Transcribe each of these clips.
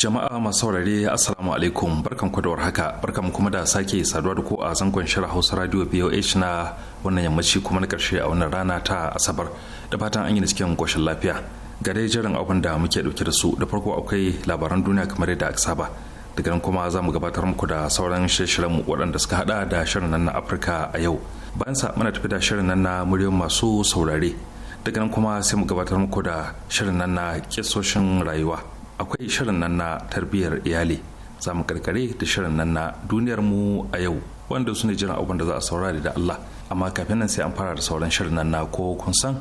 Jama'a masu saurare Assalamu alaikum barkan kwadawar haka warhaka barkan kuma da sake saduwa da ku a zangon shirin Hausa Radio BOH na wannan yammaci kuma na karshe a wannan rana ta Asabar da fatan an yi cikin koshin lafiya ga dai jiran abin da muke dauke da su da farko akwai labaran duniya kamar yadda aka saba daga nan kuma za mu gabatar muku da sauran shirin mu waɗanda suka hada da shirin nan na Afirka a yau bayan sa muna tafi da shirin nan na muryoyin masu saurare daga nan kuma sai mu gabatar muku da shirin nan na kisoshin rayuwa akwai shirin nan na tarbiyyar iyali za mu karkare da shirin nan na duniyar mu a yau wanda su ne jiran abin da za a saurari da Allah amma kafin nan sai an fara da sauran shirin nan na ko kun san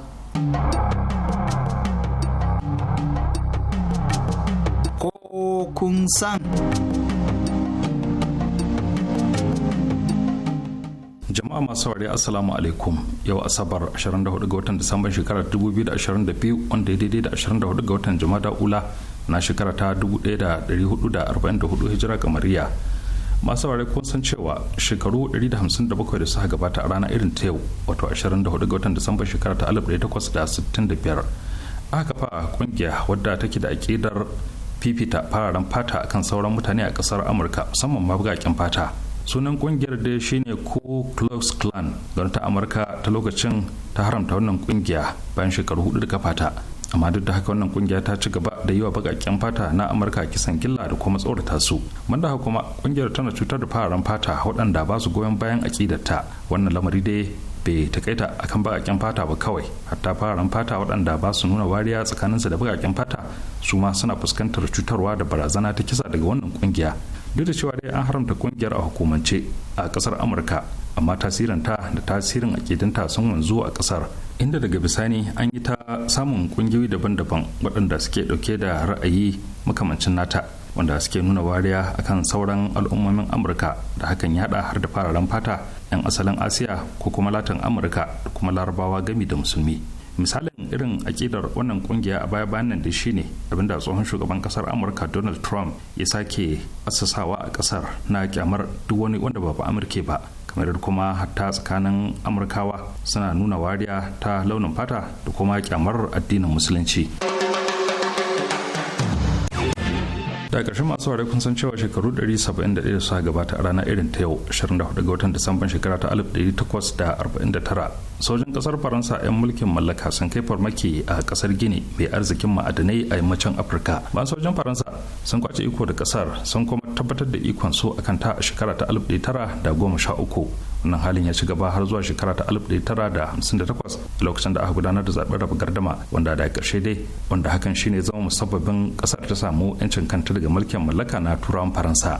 ko kun san jama'a masu saurari assalamu alaikum yau asabar 24 ga watan disamban shekarar 2022 wanda ya daidai da 24 ga watan jama'a ula na shekara ta 1444 hijira ga mariya masu saurare kun san cewa shekaru 157 da suka gabata a rana irin ta yau wato 24 ga watan disamba shekara ta 1865 aka fa kungiya wadda take da akidar fifita fararen fata a kan sauran mutane a kasar amurka musamman ma bugaƙen fata sunan kungiyar da shine ku klux klan gwamnatin amurka ta lokacin ta haramta wannan kungiya bayan shekaru hudu da kafata amma duk da haka wannan kungiya ta ci gaba da yi wa bakakken fata na amurka kisan gilla da kuma tsorata su man da kuma kungiyar tana cutar da fararen fata waɗanda ba su goyon bayan aƙidarta wannan lamari dai bai takaita akan bakakken fata ba kawai hatta fararen fata waɗanda ba su nuna wariya tsakaninsu da bakakken fata su ma suna fuskantar cutarwa da barazana ta kisa daga wannan kungiya duk da cewa dai an haramta kungiyar a hukumance a kasar amurka amma tasirinta da tasirin akidinta sun wanzu a kasar inda daga bisani an yi ta samun kungiyoyi daban-daban waɗanda suke ɗauke da ra'ayi makamancin nata wanda suke nuna wariya akan sauran al'ummomin amurka da hakan ya har da fararen fata 'yan asalin asiya ko kuma latin amurka da kuma larabawa gami da musulmi misalin irin akidar wannan kungiya a baya bayan nan da shine da tsohon shugaban kasar amurka donald trump ya sake asasawa a kasar na kyamar duk wani wanda ba ba amurke ba kamar kuma hatta tsakanin amurkawa suna nuna wariya ta launin fata da kuma kyamar addinin musulunci. da ƙarshen masu ware kun san cewa shekaru 171 da gabata a ranar irin ta yau 24 ga watan disamban shekara ta 1849 sojin ƙasar faransa 'yan mulkin mallaka sun kai farmaki a ƙasar gini mai arzikin ma'adanai a yammacin afirka ba sojin faransa sun kwace iko da ƙasar sun kuma tabbatar da ikon su akan ta a shekara ta 1913 wannan halin ya ci gaba har zuwa shekara ta 1958 lokacin da aka gudanar da zaben raba gardama wanda da karshe dai wanda hakan shine zama musabbabin ƙasar ta samu 'yancin kanta daga mulkin mallaka na turawan faransa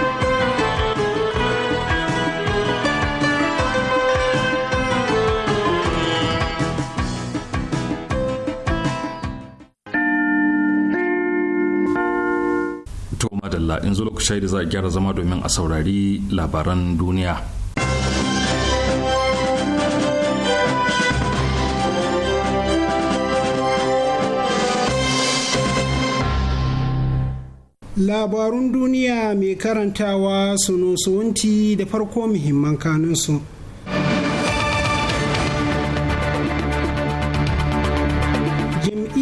in zo lokaci da za a gyara zama domin a saurari labaran duniya labarun duniya mai karantawa sunusuwanti da farko muhimman kanunsu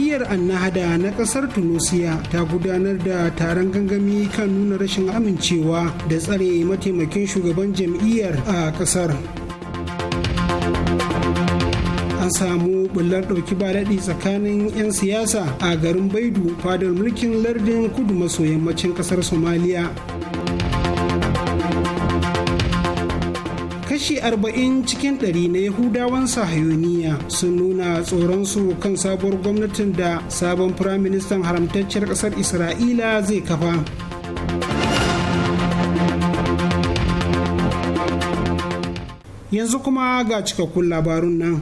Jam'iyyar Annahada na kasar tunisia ta gudanar da taron gangami kan nuna rashin amincewa da tsare mataimakin shugaban jam'iyyar a kasar. an samu bullar ɗauki balaɗi tsakanin 'yan siyasa a garin baidu fadar mulkin lardin kudu maso yammacin kasar somaliya kashi 40 cikin ɗari na yahudawan sahayoniya sun nuna tsoron su kan sabuwar gwamnatin da sabon firaministan haramtacciyar ƙasar isra'ila zai kafa yanzu kuma ga cikakkun labarun nan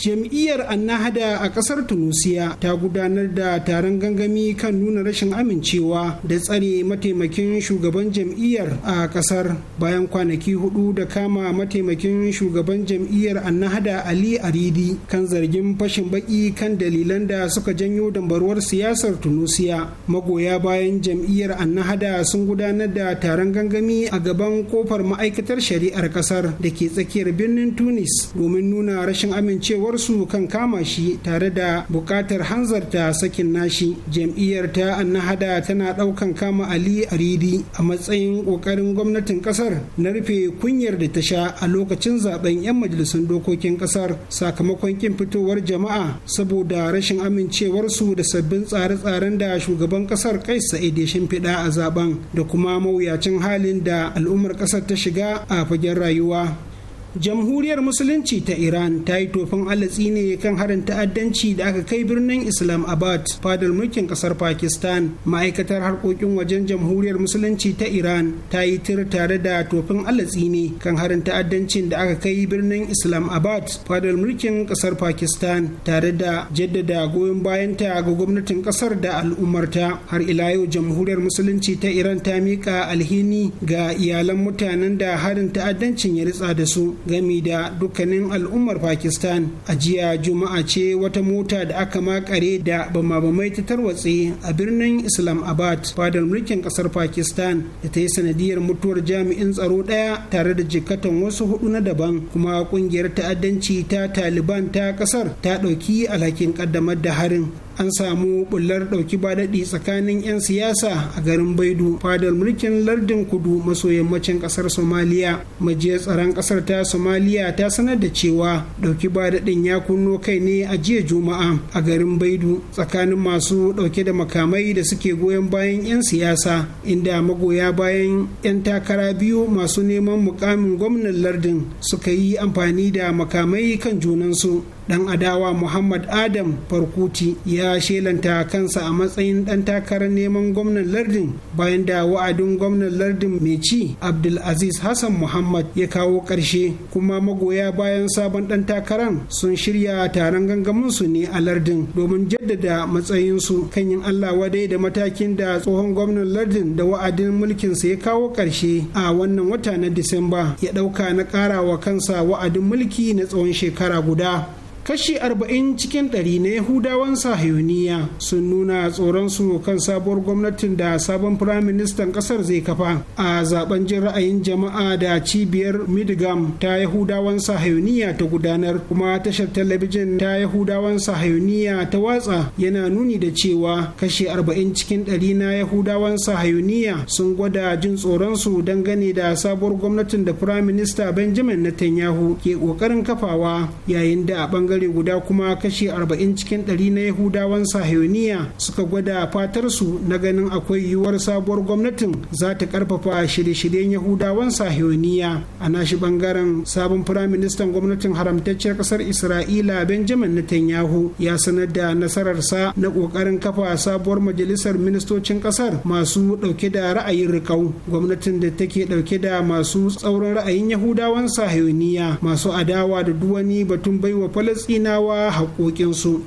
jam'iyyar annahada a kasar tunisia ta gudanar da taron gangami kan nuna rashin amincewa da tsare mataimakin shugaban jam'iyyar a kasar bayan kwanaki hudu da kama mataimakin shugaban jam'iyyar annahada ali aridi kan zargin fashin baki kan dalilan da suka janyo dambaruwar siyasar tunisia magoya bayan jam'iyyar annahada sun gudanar da taron gangami a gaban kofar ma'aikatar shari'ar kasar da ke tsakiyar birnin tunis domin nuna rashin amincewa damuwarsu kan kama shi tare da buƙatar hanzarta sakin nashi jam'iyyar ta annahada tana ɗaukan kama ali aridi a matsayin ƙoƙarin gwamnatin ƙasar na rufe kunyar da ta sha a lokacin zaben 'yan majalisun dokokin ƙasar sakamakon kin fitowar jama'a saboda rashin amincewarsu da sabbin tsare-tsaren da shugaban ƙasar kai sa'id ya shimfiɗa a zaben da kuma mawuyacin halin da al'ummar ƙasar ta shiga a fagen rayuwa jamhuriyar musulunci ta iran ta yi tofin alatsi ne kan harin ta'addanci da aka kai birnin islam abad fadar mulkin kasar pakistan ma'aikatar harkokin wajen jamhuriyar musulunci ta iran ta yi tir tare da tofin alatsi ne kan harin ta'addancin da aka kai birnin islam abad fadar mulkin kasar pakistan tare da jaddada goyon bayanta ga gwamnatin kasar da al'ummarta har ila yau jamhuriyar musulunci ta iran ta miƙa alhini ga iyalan mutanen da harin ta'addancin ya ritsa da su gami da dukkanin al'ummar pakistan a jiya juma'a ce wata mota da aka makare da bama-bamai ta tarwatse a birnin islamabad fadar mulkin kasar pakistan da ta yi sanadiyar mutuwar jami'in tsaro ɗaya tare da jikatan wasu hudu na daban kuma kungiyar ta'addanci ta taliban ta kasar ta ɗauki alhakin ƙaddamar da harin an samu bullar ɗauki badaɗi tsakanin 'yan siyasa a garin baidu fadar mulkin lardin kudu maso yammacin ƙasar somaliya majiyar tsaron ƙasar ta somaliya ta sanar da cewa ɗauki badaɗin ya kunno kai ne a jiya juma'a a garin baidu tsakanin masu ɗauke da makamai da suke goyon bayan 'yan siyasa inda magoya bayan 'yan takara biyu masu neman mukamin gwamnan lardin suka yi amfani da makamai kan junansu dan adawa muhammad adam farkuti ya shelanta kansa a matsayin dan takarar neman gwamnan lardin bayan da wa'adin gwamnan lardin mai ci abdulaziz hassan muhammad ya kawo ƙarshe kuma magoya bayan sabon dan takarar sun shirya taron gangaminsu ne a lardin domin jaddada matsayinsu kan yin allah wadai da matakin da tsohon gwamnan lardin da wa'adin mulkin mulkinsa ya kawo ƙarshe a wannan wata na disamba ya ɗauka na ƙara wa kansa wa'adin mulki na tsawon shekara guda kashi arba'in cikin ɗari na yahudawan sahiyoniya sun nuna tsoronsu kan sabuwar gwamnatin da sabon firaministan ƙasar zai kafa a zaben jin ra'ayin jama'a da cibiyar midgam ta yahudawan sahiyoniya ta gudanar kuma tashar talabijin ta yahudawan sahiyoniya ta watsa yana nuni da cewa kashi arba'in cikin ɗari na yahudawan sahiyoniya sun gwada jin tsoronsu dangane da sabuwar gwamnatin da firaminista benjamin netanyahu ke kokarin kafawa yayin da a bangare guda kuma kashi 40 cikin 100 na yahudawan sahiyoniya suka gwada fatarsu na ganin akwai yiwuwar sabuwar gwamnatin za ta karfafa shirye-shiryen yahudawan sahiyoniya a nashi bangaren sabon firaministan gwamnatin haramtacciyar kasar isra'ila benjamin netanyahu ya sanar da nasararsa na kokarin kafa sabuwar majalisar ministocin kasar masu dauke da ra'ayin rikau gwamnatin da take dauke da masu tsaurin ra'ayin yahudawan sahiyoniya masu adawa da duwani batun baiwa falas Filistinawa haƙoƙinsu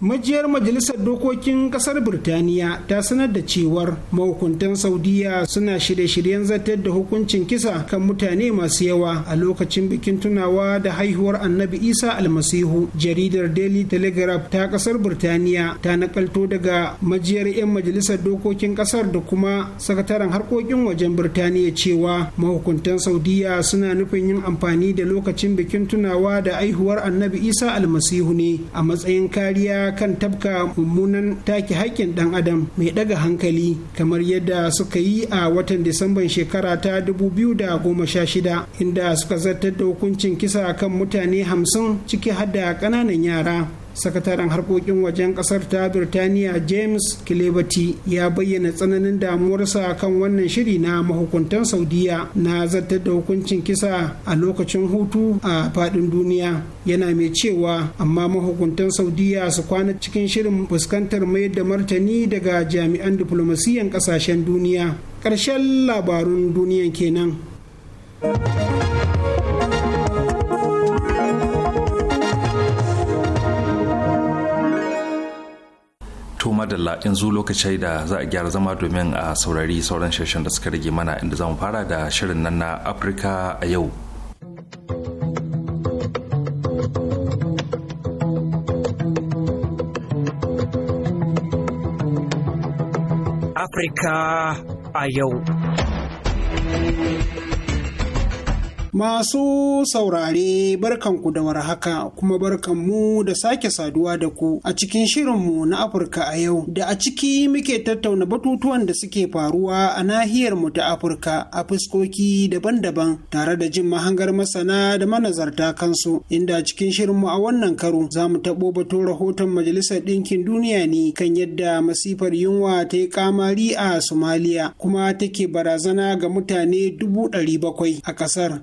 majiyar majalisar dokokin kasar birtaniya ta sanar da cewar mahukuntan saudiya suna shirye-shiryen zartar da hukuncin kisa kan mutane masu yawa a lokacin bikin tunawa da haihuwar annabi isa almasihu jaridar daily telegraph ta kasar birtaniya ta nakalto daga majiyar 'yan majalisar dokokin kasar da kuma sakataren harkokin wajen birtaniya cewa mahukuntan saudiya suna nufin yin amfani da lokacin bikin tunawa da haihuwar annabi isa almasihu ne a matsayin kariya kan tabka mummunan taki haƙƙin ɗan adam mai ɗaga hankali kamar yadda suka yi a watan disamban shekara ta 2016 inda suka zartar da hukuncin kisa kan mutane 50 ciki hada ƙananan yara sakataren harkokin wajen kasar ta birtaniya james kilebati ya bayyana tsananin damuwarsa kan wannan shiri na mahukuntan saudiya na zartar da hukuncin kisa a lokacin hutu a fadin duniya yana mai cewa amma mahukuntan saudiya su kwana cikin shirin fuskantar mai da martani daga jami'an diplomasiyan kasashen duniya karshen labarun duniyan kenan. To madalla yanzu lokacin da za a gyara zama domin a saurari sauran shirshen da suka rage mana inda za mu fara da shirin nan na Afirka a yau. Afirka a yau. Masu saurare barkanku da warhaka kuma barkanmu da sake saduwa da ku a cikin shirinmu na Afirka a yau da a ciki muke tattauna batutuwan da suke faruwa a nahiyar mu ta Afirka a fuskoki daban-daban tare da jin mahangar masana da manazarta kansu inda a cikin shirinmu a wannan karo za mu taɓo batun rahoton Majalisar Ɗinkin Duniya ne kan yadda masifar yunwa ta yi kamari a Somalia kuma take barazana ga mutane dubu ɗari bakwai a ƙasar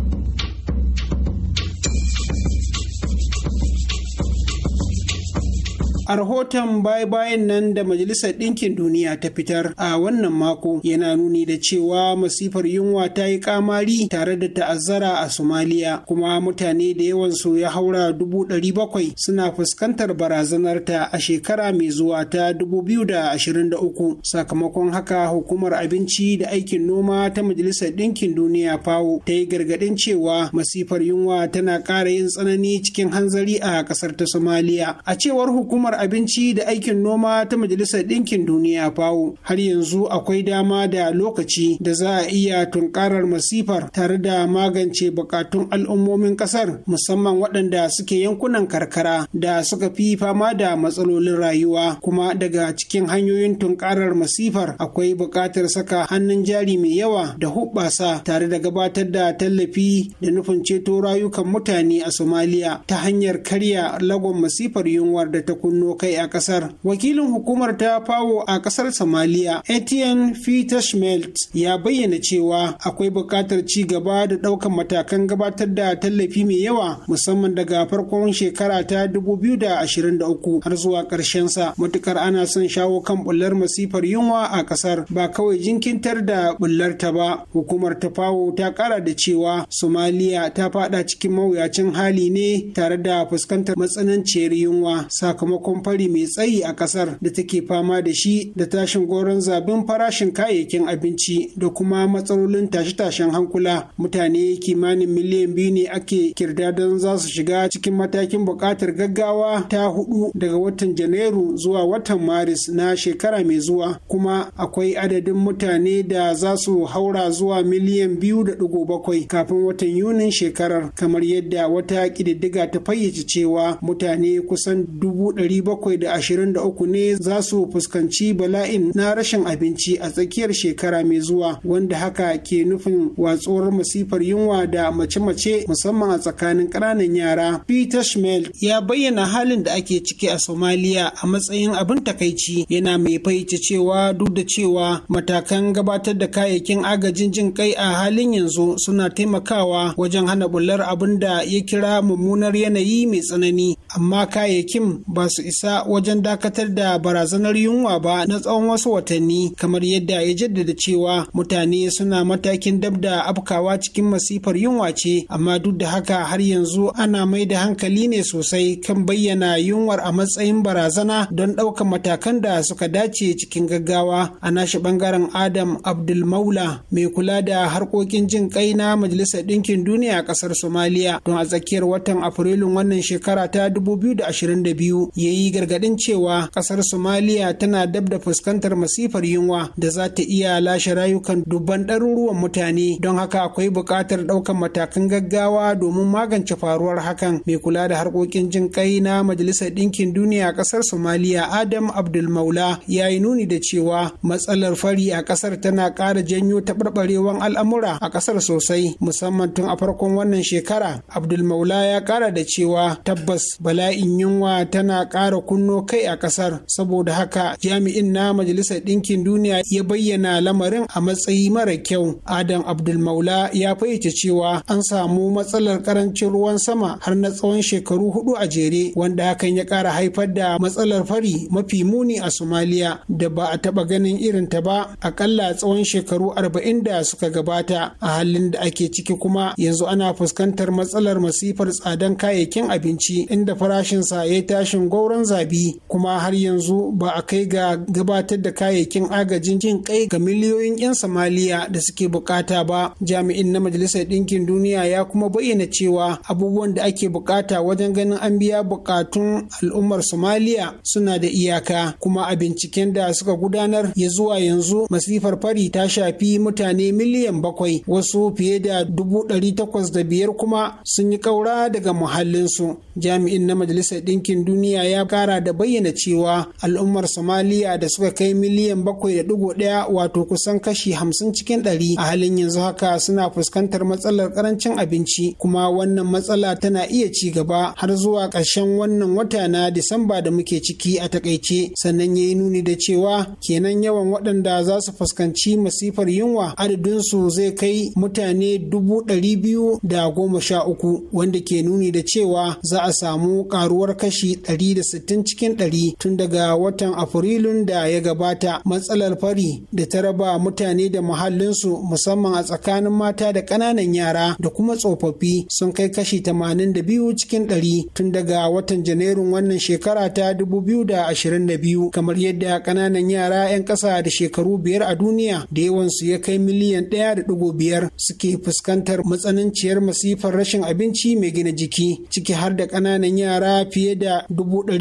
a rahoton baya-bayan nan da majalisar ɗinkin duniya ta fitar a wannan mako yana nuni da cewa masifar yunwa ta yi kamari tare da ta'azzara a somaliya kuma mutane da yawan su ya haura dubu ɗari bakwai suna fuskantar barazanar ta a shekara mai zuwa ta dubu biyu da ashirin da uku sakamakon haka hukumar abinci da aikin noma ta majalisar ɗinkin duniya fawo ta yi gargaɗin cewa masifar yunwa tana ƙara yin tsanani cikin hanzari a ƙasar ta somaliya a cewar hukumar abinci da aikin noma ta majalisar ɗinkin duniya fawo har yanzu akwai dama da lokaci da za a iya tunkarar masifar tare da magance bukatun al'ummomin ƙasar musamman waɗanda suke yankunan karkara da suka fi fama da matsalolin rayuwa kuma daga cikin hanyoyin tunkarar masifar akwai buƙatar saka hannun jari mai yawa da hubbasa tare da gabatar da tallafi da nufin ceto rayukan mutane a somaliya ta hanyar karya lagon masifar yunwar da ta kunno kai a kasar wakilin hukumar ta fawo a kasar Somalia, etienne fitashmelt ya bayyana cewa akwai buƙatar ci gaba da ɗaukar matakan gabatar da tallafi mai yawa musamman daga farkon shekara ta 2023 har zuwa ƙarshen sa matukar ana son shawo kan bullar masifar yunwa a kasar ba kawai jinkintar da bullar ta ba hukumar ta fawo ta ƙara da cewa somaliya ta faɗa cikin mawuyacin hali ne tare da fuskantar matsananciyar yunwa sakamakon sakamakon fari mai tsayi a kasar da take fama da shi da tashin goron zabin farashin kayayyakin abinci da kuma matsalolin tashe-tashen hankula mutane kimanin miliyan biyu ne ake don za su shiga cikin matakin buƙatar gaggawa ta hudu daga watan janairu zuwa watan maris na shekara mai zuwa kuma akwai adadin mutane da za su haura zuwa miliyan biyu da digo bakwai kafin watan yunin shekarar kamar yadda wata ƙididdiga ta fayyace cewa mutane kusan dubu ɗari bakwai da 723 ne za su fuskanci bala'in na rashin abinci a tsakiyar shekara mai zuwa wanda haka ke nufin watsuwar masifar yunwa da mace-mace musamman a tsakanin ƙananan yara. Peter Schmel ya bayyana halin da ake ciki a Somalia a matsayin abin takaici yana mai faice cewa duk da cewa matakan gabatar da kayayyakin agajin jin kai a halin yanzu suna taimakawa wajen hana bullar abin da ya kira mummunar yanayi mai tsanani amma kayayyakin ba su isa wajen dakatar da barazanar yunwa ba na tsawon wasu watanni kamar yadda ya jaddada cewa mutane suna matakin dab da afkawa cikin masifar yunwa ce amma duk da haka har yanzu ana mai da hankali ne sosai kan bayyana yunwar a matsayin barazana don ɗaukar matakan da suka dace cikin gaggawa a nashi bangaren adam abdul maula mai kula da harkokin jin kai na majalisar ɗinkin duniya a ƙasar somaliya don a tsakiyar watan afrilun wannan shekara ta 2022 ya yi yi gargadin cewa ƙasar somaliya tana dab da fuskantar masifar yunwa da za ta iya lashe rayukan dubban ɗaruruwan mutane don haka akwai buƙatar ɗaukar matakan gaggawa domin magance faruwar hakan mai kula da harkokin jin kai na majalisar ɗinkin duniya a ƙasar somaliya adam abdulmaula ya yi nuni da cewa matsalar fari a ƙasar tana ƙara janyo taɓarɓarewan al'amura a ƙasar sosai musamman tun a farkon wannan shekara abdulmaula ya ƙara da cewa tabbas bala'in yunwa tana ƙara ƙara kunno kai a ƙasar saboda haka jami'in na majalisar ɗinkin duniya ya bayyana lamarin a matsayi mara kyau adam abdulmaula ya fayyace cewa an samu matsalar karancin ruwan sama har na tsawon shekaru hudu a jere wanda hakan ya kara haifar da matsalar fari mafi muni a somaliya da ba a taɓa ganin irin ta ba akalla tsawon shekaru arba'in da suka gabata a halin da ake ciki kuma yanzu ana fuskantar matsalar masifar tsadan kayayyakin abinci inda farashinsa ya tashin gwauron sabon zabi kuma har yanzu ba a kai ga gabatar da kayayyakin agajin jin kai ga miliyoyin 'yan samaliya da suke bukata ba. Jami'in na Majalisar Ɗinkin Duniya ya kuma bayyana cewa abubuwan da ake bukata wajen ganin an biya bukatun al'ummar Somaliya suna da iyaka kuma a binciken da suka gudanar ya zuwa yanzu masifar fari ta shafi mutane miliyan bakwai wasu fiye da dubu ɗari takwas da biyar kuma sun yi kaura daga muhallinsu. Jami'in na Majalisar Ɗinkin Duniya ya kara da bayyana cewa al'ummar somaliya da suka kai miliyan bakwai da digo ɗaya wato kusan kashi hamsin cikin ɗari a halin yanzu haka suna fuskantar matsalar karancin abinci kuma wannan matsala tana iya ci gaba har zuwa ƙarshen wannan wata na disamba da muke ciki a takaice sannan ya yi nuni da cewa kenan yawan waɗanda za su fuskanci masifar yunwa adadinsu zai kai mutane dubu ɗari biyu da goma sha uku wanda ke nuni da cewa za a samu ƙaruwar kashi ɗari da 60 cikin 100 tun daga watan Afrilun da ya gabata matsalar fari da ta raba mutane da muhallinsu musamman a tsakanin mata da ƙananan yara da kuma tsofaffi sun kai kashi 82 cikin 100 tun daga watan Janairun wannan shekara ta 2022 kamar yadda ƙananan yara 'yan ƙasa da shekaru biyar a duniya da yawansu ya kai miliyan 1.5 suke fuskantar matsananciyar masifar rashin abinci mai gina jiki ciki har da ƙananan yara fiye da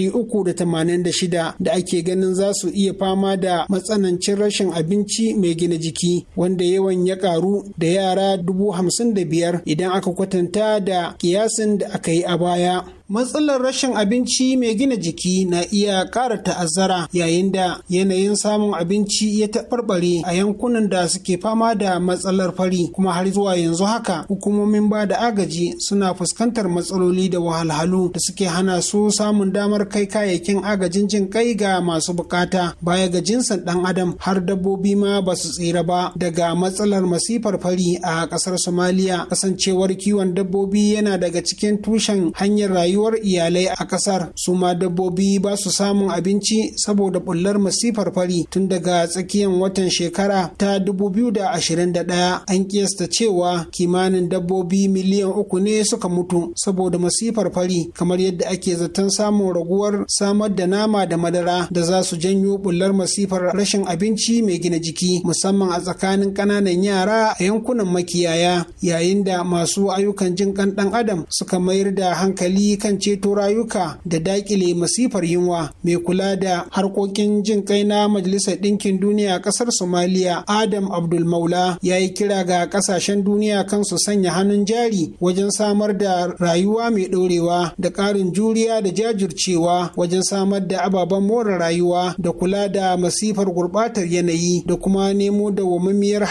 386 da ake ganin za su iya fama da matsanancin rashin abinci mai gina jiki wanda yawan ya karu da yara 55,000 idan aka kwatanta da kiyasin da aka yi a baya. matsalar rashin abinci mai gina jiki na iya ƙara ta'azzara yayin da yanayin samun abinci ya taɓarɓare a yankunan da suke fama da matsalar fari kuma har zuwa yanzu haka hukumomin ba da agaji suna fuskantar matsaloli da wahalhalu da suke hana su samun damar kai kayayyakin agajin jin kai ga masu bukata baya ga jinsin ɗan adam har dabbobi ma ba su tsira ba daga matsalar masifar fari a ƙasar somaliya kasancewar kiwon dabbobi yana daga cikin tushen hanyar rayuwa rayuwar iyalai a kasar su ma dabbobi ba su samun abinci saboda bullar masifar fari tun daga tsakiyar watan shekara ta 2021 an kiyasta cewa kimanin dabbobi miliyan uku ne suka mutu saboda masifar fari kamar yadda ake zaton samun raguwar samar da nama da madara da za su janyo bullar masifar rashin abinci mai gina jiki musamman a tsakanin ƙananan yara a yankunan makiyaya yayin da masu ayyukan jin ɗan adam suka mayar da hankali kan kan ceto rayuka da dakile masifar yunwa mai kula da harkokin jin kai na majalisar ɗinkin duniya a ƙasar somaliya adam abdul maula ya yi kira ga ƙasashen duniya kan su sanya hannun jari wajen samar da rayuwa mai ɗorewa da ƙarin juriya da jajircewa wajen samar da ababen more rayuwa da kula da masifar gurɓatar yanayi da kuma nemo da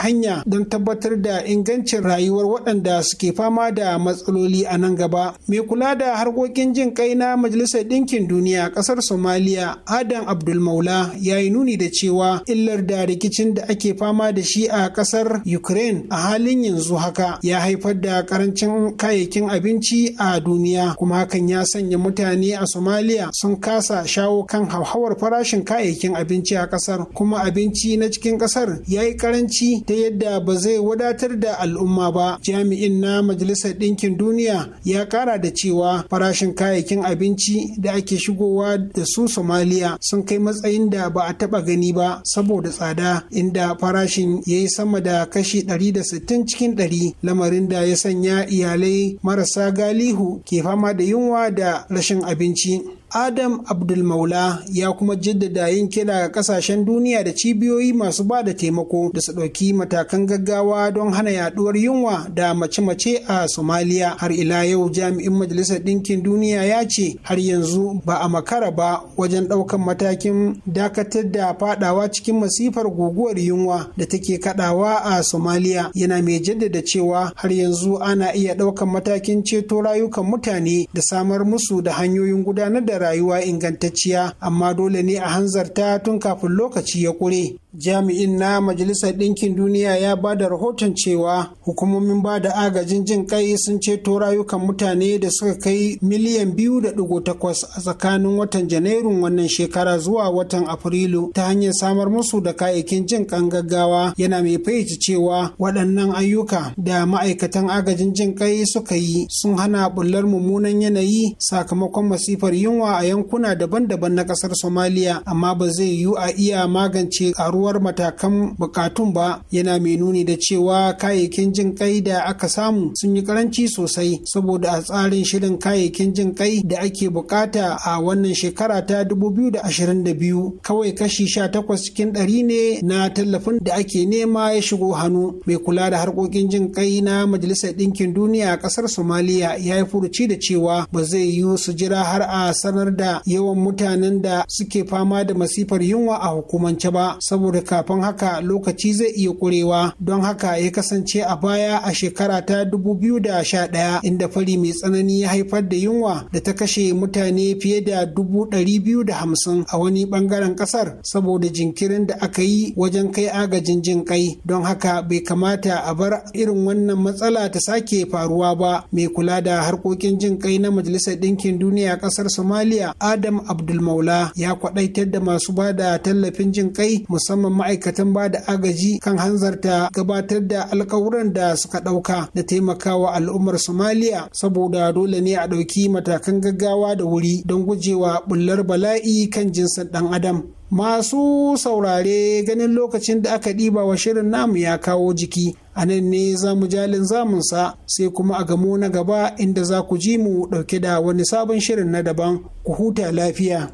hanya don tabbatar da ingancin rayuwar waɗanda suke fama da matsaloli a nan gaba mai kula da harkokin harkokin jin kai na majalisar ɗinkin duniya ƙasar somaliya adam abdulmaula ya yi nuni da cewa illar da rikicin da ake fama da shi a ƙasar ukraine a halin yanzu haka ya haifar da ƙarancin kayayyakin abinci a duniya kuma hakan ya sanya mutane a somaliya sun kasa shawo kan hauhawar farashin kayayyakin abinci a ƙasar kuma abinci na cikin ƙasar ya yi karanci ta yadda ba zai wadatar da al'umma ba jami'in na majalisar ɗinkin duniya ya ƙara da cewa farashin farashin kayayyakin abinci da ake shigowa da su somaliya sun kai matsayin da ba a taba gani ba saboda tsada inda farashin ya yi sama da kashi 160 cikin 100 lamarin da ya sanya iyalai marasa galihu ke fama da yunwa da rashin abinci Adam Abdulmaula ya kuma jaddada yin kira ga kasashen duniya da cibiyoyi masu ba da taimako da su ɗauki matakan gaggawa don hana yaduwar yunwa da mace-mace a Somalia. Har ila yau jami'in Majalisar Ɗinkin Duniya ya ce har yanzu ba a makara ba wajen ɗaukan matakin dakatar da fadawa cikin masifar guguwar yunwa da take kadawa a Somalia. Yana mai jaddada cewa har yanzu ana iya ɗaukan matakin ceto rayukan mutane da samar musu da hanyoyin gudanar da rayuwa ingantacciya amma dole ne a hanzarta tun kafin lokaci ya ƙure jami'in na majalisar ɗinkin duniya ya ba da rahoton cewa hukumomin ba da agajin jin kai sun ceto rayukan mutane da suka kai miliyan biyu da ɗigo takwas a tsakanin watan janairun wannan shekara zuwa watan afrilu ta hanyar samar musu da kayayyakin jin kan gaggawa yana mai fahimci cewa waɗannan ayyuka da ma'aikatan agajin jin kai suka yi sun hana bullar mummunan yanayi sakamakon masifar yunwa a yankuna daban-daban na ƙasar somaliya amma ba zai yiwu a iya magance ƙaru karuwar matakan bukatun ba yana mai nuni da cewa kayayyakin jin kai da aka samu sun yi karanci sosai saboda a tsarin shirin kayayyakin jin kai da ake bukata a wannan shekara ta 2022 kawai kashi 18 cikin ɗari ne na tallafin da ake nema ya shigo hannu mai kula da harkokin jin kai na majalisar ɗinkin duniya a ƙasar somaliya ya yi furuci da cewa ba zai yiwu su jira har a sanar da yawan mutanen da suke fama da masifar yunwa a hukumance ba saboda saboda kafin haka lokaci zai iya kurewa don haka ya kasance a baya a shekara ta 2011 inda fari mai tsanani ya haifar da yunwa da ta kashe mutane fiye da 250 a wani bangaren kasar saboda jinkirin da aka yi wajen kai agajin jin kai don haka bai kamata a bar irin wannan matsala ta sake faruwa ba mai kula da harkokin jin kai na majalisar ɗinkin duniya ƙasar somaliya adam abdulmaula ya kwadaitar da masu ba da tallafin jin kai musamman musamman ma'aikatan ba da agaji kan hanzarta gabatar da alkawuran da suka ɗauka da taimakawa al'ummar somaliya saboda dole ne a ɗauki matakan gaggawa da wuri don gujewa bullar bala'i kan jinsin ɗan adam masu saurare ganin lokacin da aka ɗiba wa shirin namu ya kawo jiki a nan ne za mu jalin zamunsa sai kuma a gamo na gaba inda za ku ji mu ɗauke da wani sabon shirin na daban ku huta lafiya.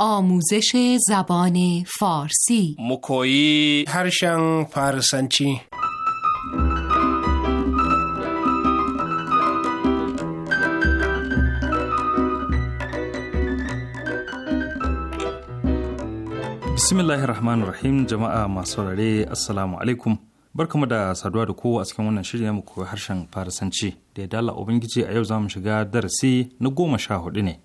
آموزش زبان فارسی مکوی هرشن فارسنچی Bismillahirrahmanirrahim jama'a masu saurare Assalamu alaikum. Barkamu da saduwa da kowa a cikin wannan shirya na harshen Farisanci da ya dala Ubangiji a yau za mu shiga darasi na goma sha hudu ne.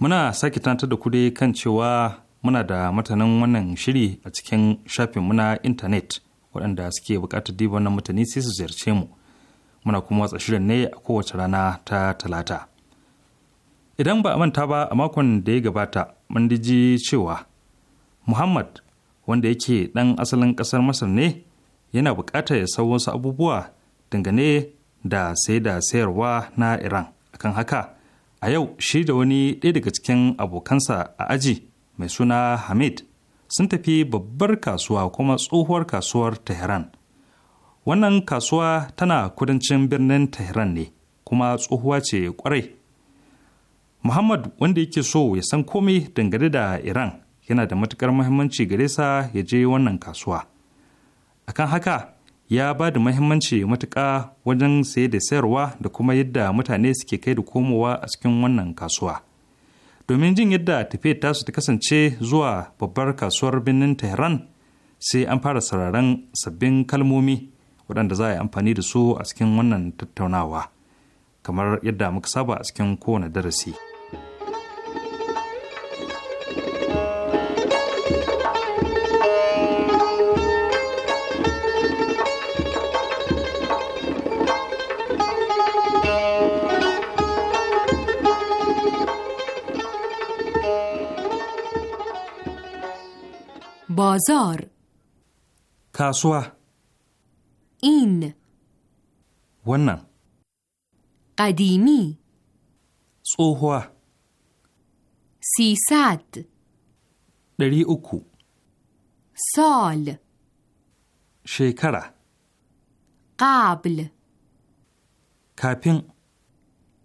Muna sake tantar da dai kan cewa muna da matanin wannan shiri a cikin shafin muna intanet waɗanda suke buƙatar diba wannan mutane sai su ziyarce mu. Muna kuma watsa shirin ne a kowace rana ta talata. Idan ba a manta ba a makon da ya gabata mun ji cewa muhammad wanda yake ɗan asalin ƙasar masar ne yana buƙatar ya sau wasu abubuwa dangane da sai da sayarwa na iran akan haka a yau shi da wani ɗaya daga cikin abokansa a aji mai suna hamid sun tafi babbar kasuwa kuma tsohuwar kasuwar tehran wannan kasuwa tana kudancin birnin tehran ne kuma tsohuwa ce kwarai muhammad wanda yake so ya san komai dangane da iran yana da matukar muhimmanci gare sa ya je wannan kasuwa akan haka ya ba da muhimmanci matuka wajen saye da sayarwa da kuma yadda mutane suke kai da komowa a cikin wannan kasuwa domin jin yadda tafiyar tasu ta kasance zuwa babbar kasuwar birnin tehran sai an fara sararin sabbin kalmomi waɗanda za a yi amfani da su a cikin wannan tattaunawa kamar yadda muka saba a cikin kowane darasi. بازار Kasuwa. این ونن قدیمی tsohuwa Sisat. ɗari uku sol shekara qabl kafin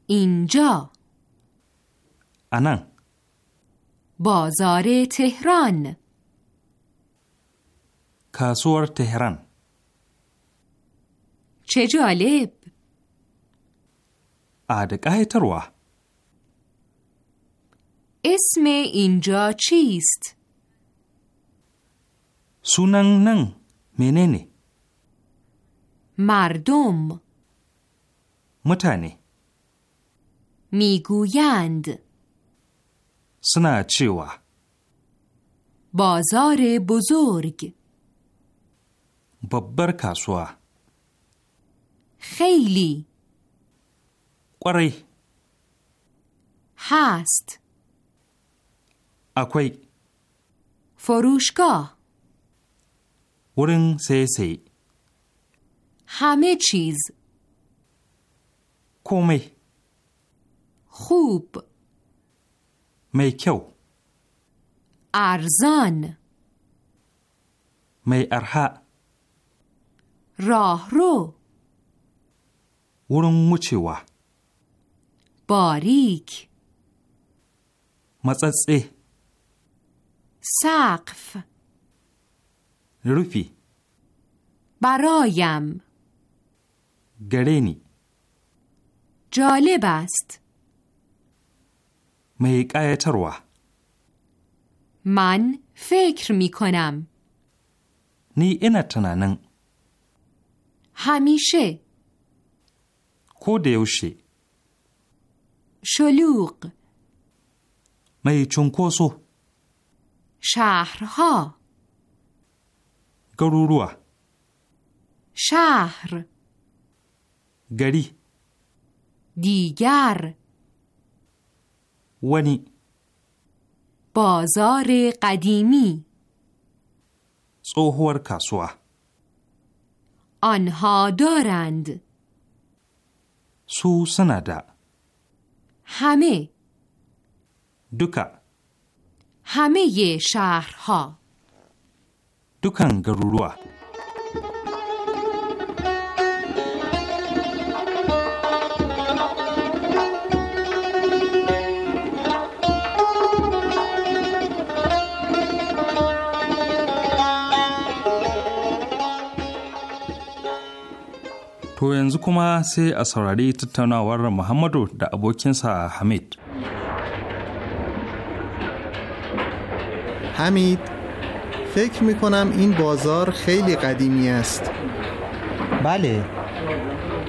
inja anan بازار تهران kasuwar Tehran. Ceju Alib. A da ƙayatarwa. Isme inja cheese. Sunan nan menene? Mardum. Mutane. Miguyand. Suna cewa. Bazare buzurg. babbar kasuwa. Khaili. Ƙwarai. Hast. Akwai. Forushka. Wurin sai-sai. Hamechis. Komai. Khub. Mai kyau. Arzan. Mai arha. راه رو ورن وا. باریک متسه سقف روفی برایم گرینی جالب است تروا من فکر میکنم. نی اینا تنانن همیشه کودیوشی شلوغ می چونکوسو شهرها گرورو شهر گری دیگر ونی بازار قدیمی سوهور kasuwa. آنها دارند سو سندا همه دکا همه شهرها دکان گروروا To yanzu kuma sai a saurari tattaunawar Muhammadu da abokinsa حمید فکر میکنم این بازار خیلی قدیمی است بله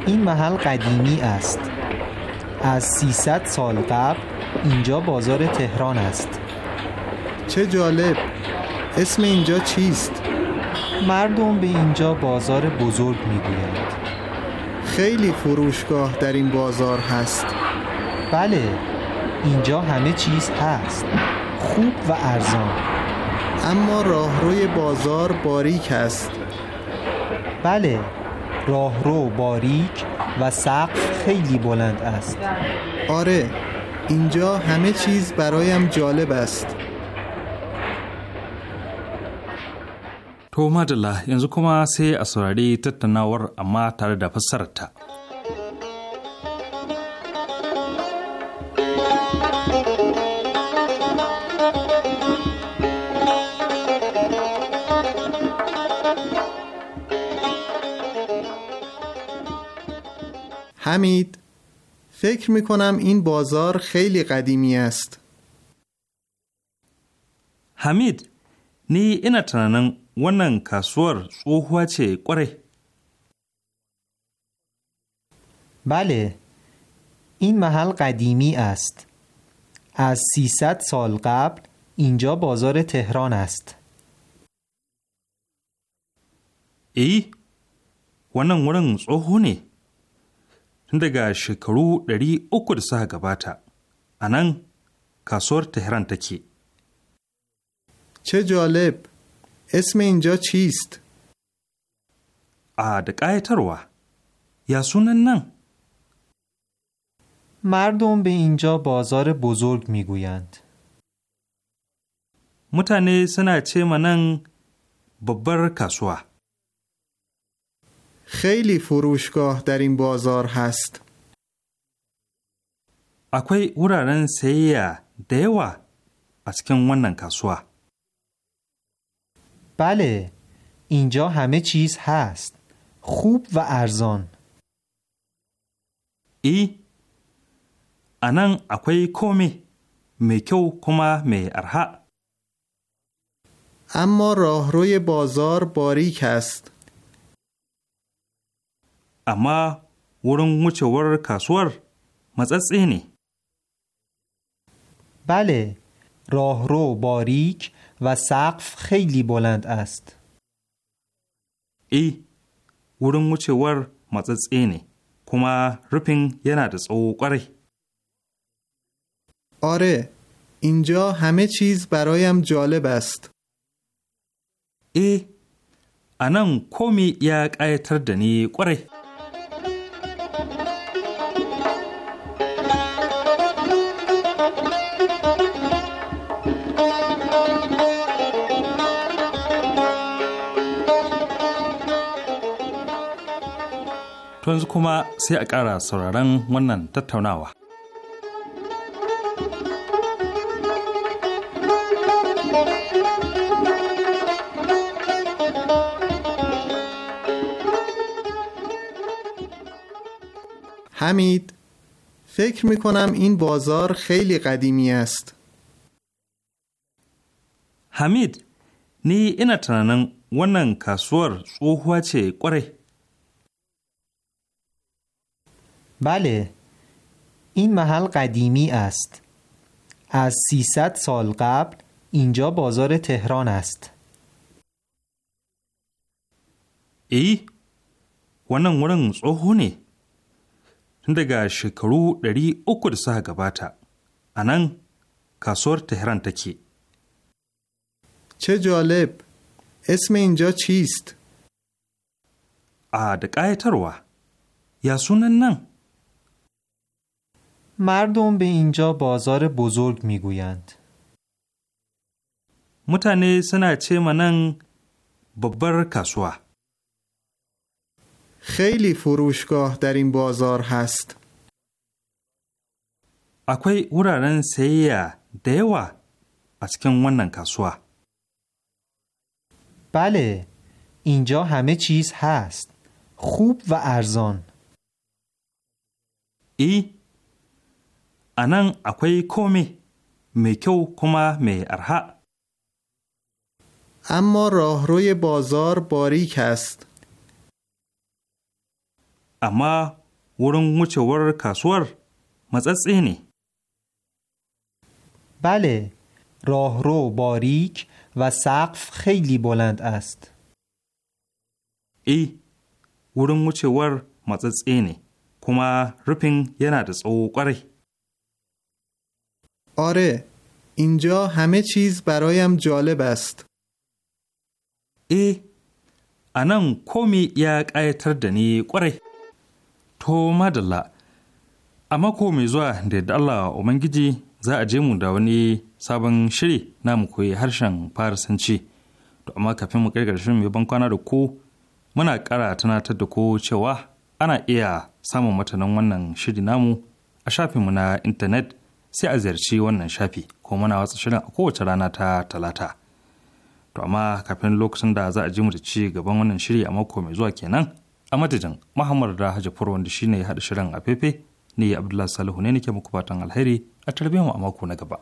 این محل قدیمی است از 300 سال قبل اینجا بازار تهران است چه جالب اسم اینجا چیست؟ مردم به اینجا بازار بزرگ میگویند خیلی فروشگاه در این بازار هست بله اینجا همه چیز هست خوب و ارزان اما راهروی بازار باریک است بله راهرو باریک و سقف خیلی بلند است آره اینجا همه چیز برایم جالب است To madalla yanzu kuma sai a saurari tattaunawar amma tare da fassararta. حمید فکر می کنم این بازار خیلی قدیمی است. حمید نی اینا تنانن wannan kasuwar tsohuwa ce kwarai. bale این محل قدیمی است از 300 سال قبل اینجا بازار تهران است ای wannan wurin tsoho ne tun daga shekaru 300 da suka gabata a nan kasuwar tehran take چه اسم اینجا چیست؟ آد قایتروا یا سونن نن مردم به اینجا بازار بزرگ میگویند. متنه سنا چه منن ببر کسوا خیلی فروشگاه در این بازار هست. اکوی اورارن سیا دیوا از کن ونن کسوه بله اینجا همه چیز هست خوب و ارزان ای انان اکوی کومی میکو کما می ارها اما راهروی بازار باریک است. اما ورن وچور کاسور مزسینی بله، راهرو باریک و سقف خیلی بلند است. ای ورن وچه ور مزد اینه کما رپین یه ندس او قره. آره اینجا همه چیز برایم جالب است. ای انان کومی یک ایتر قره. To yanzu kuma sai a ƙara sauraron wannan tattaunawa. حمید فکر می کنم این بازار خیلی قدیمی است. حمید نی اینا تنانن ونن tsohuwa ce kwarai. بله این محل قدیمی است از 300 سال قبل اینجا بازار تهران است ای wannan wurin tsoho ne tun daga shekaru 300 da suka gabata a nan kasuwar tehran take ce جالب اسم inja چیست؟ a da ƙayatarwa ya sunan nan مردم به اینجا بازار بزرگ میگویند. متنه سنا چه منن ببر کسوا خیلی فروشگاه در این بازار هست. اکوی اورارن سیا دیوا از کن ونن کسوا بله اینجا همه چیز هست. خوب و ارزان. ای A nan akwai kome mai kyau kuma mai arha. اما راهروی بازار باریک است اما ورن وچور کاسور متسسه نه بله راهرو باریک و سقف خیلی بلند است ای ورن وچور متسسه نه kuma rufin yana da tsawo kwarai. آره اینجا همه چیز برایم جالب است ای انا da یا قایتر دنی قره تو مدلا اما da زوا دید الله ubangiji za a je mu da wani sabon shiri na mu koyi harshen farisanci to amma kafin mu kirgar shirin mai kwana da ku muna kara tunatar da ku cewa ana iya samun matanan wannan shiri namu a shafinmu na intanet sai a ziyarci wannan shafi ko muna watsa shirin a kowace rana ta talata. To amma kafin lokacin da za a ji mu da ci gaban wannan shiri a mako mai zuwa kenan a madadin Muhammad da Hajji Furu wanda shine ya haɗa shirin a fefe ne Abdullahi Salihu ne nake muku fatan alheri a tarbiyyar mu a mako na gaba.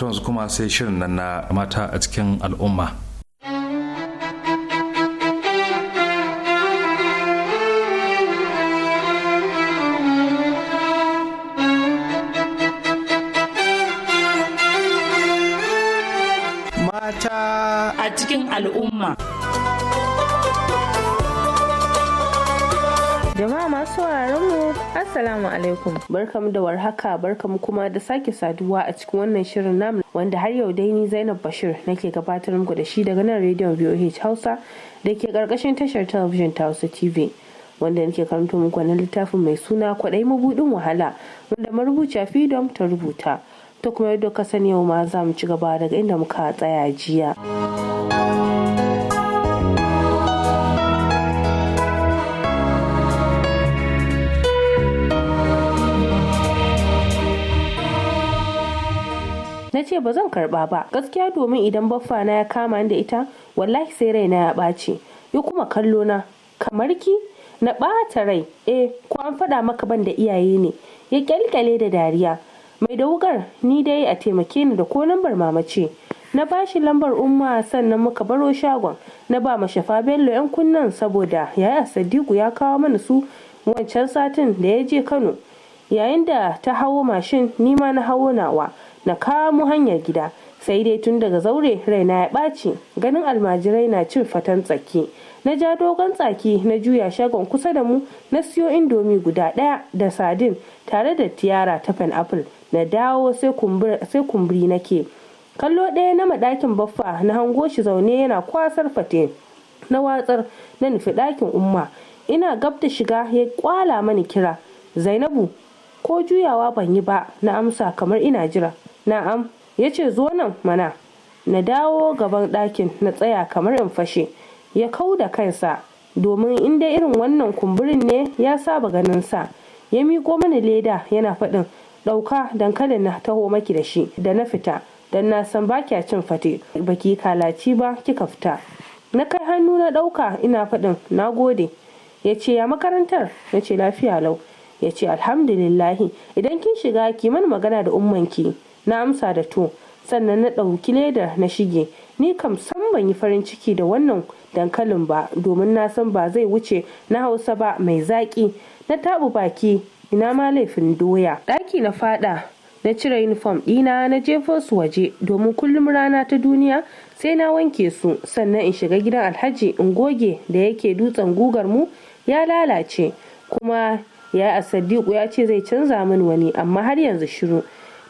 to yanzu kuma sai shirin nan na mata a cikin al'umma Assalamu alaikum. Barkamu da warhaka, barkamu kuma da sake saduwa a cikin wannan shirin namu wanda har yau dai ni Zainab Bashir nake gabatar muku da shi daga nan rediyon VOH Hausa da ke karkashin tashar talabijin ta Hausa TV. Wanda nake karanto muku wannan littafin mai suna kwaɗai mabuɗin wahala wanda marubuciya Freedom ta rubuta. Ta kuma yadda ka sani yau ma za mu ci gaba daga inda muka tsaya jiya. na ce ba zan karba ba gaskiya domin idan baffa na ya kama da ita wallahi sai rai na ya ɓaci ya kuma kallo na kamar ki na ɓata rai eh ko an faɗa maka ban da iyaye ne ya kyalkyale da dariya mai da wugar ni dai a taimake ni da ko lambar mamace na bashi lambar umma sannan muka baro shagon na ba ma shafa bello yan kunnan saboda yaya sadiku ya kawo mana su wancan satin da ya je kano yayin da ta hawo mashin nima na hawo nawa na kamo hanyar gida sai dai tun daga zaure raina ya ɓaci ganin almajirai na cin fatan tsaki na ja dogon tsaki na juya shagon kusa da mu na siyo indomi guda ɗaya da sadin tare da tiyara ta apple na dawo sai kumburi nake kallo ɗaya na maɗakin baffa na hango shi zaune yana kwasar fate na watsar na nufi ɗakin umma ina gab da shiga ya kwala mani kira zainabu ko juyawa ban yi ba na amsa kamar ina jira na'am ya ce zo nan mana na dawo gaban ɗakin na tsaya kamar in fashe ya kau da kansa domin inda irin wannan kumburin ne ya saba ganin sa ya miko mana leda yana faɗin ɗauka dankalin na taho maki da shi da na fita don na san ba kya cin fate baki kalaci ba kika fita na kai hannu na ɗauka ina faɗin na gode ya ce ya makarantar na ce lafiya lau ya ce alhamdulillahi idan kin shiga kiman magana da ummanki na amsa da to sannan na ɗauki leda na shige ni kam san ban yi farin ciki da wannan dankalin ba domin na san ba zai wuce na hausa ba mai zaƙi na taɓa baki ina ma laifin doya ɗaki na faɗa na cire uniform ɗina na jefo su waje domin kullum rana ta duniya sai na wanke su sannan in shiga gidan alhaji in goge da yake dutsen gugar mu ya lalace kuma ya asadiku ya ce zai canza min wani amma har yanzu shiru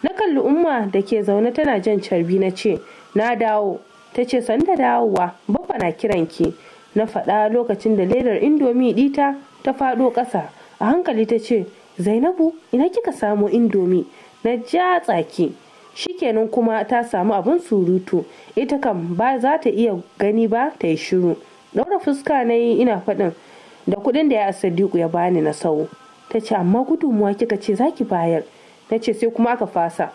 na kalli umma da ke zaune tana jan carbi na ce na dawo ta ce sanda dawowa Baba na kiran ki na faɗa lokacin da ledar indomi ɗita ta faɗo ƙasa a hankali ta ce zainabu ina kika samu indomi na ja tsaki shikenan kuma ta samu abin surutu ita kan ba za ta iya gani ba ta yi shiru daura fuska na yi ina faɗin da kuɗin da ya sadiku ya bani na sau ta ce amma gudunmuwa kika ce za ki bayar na ce sai kuma aka fasa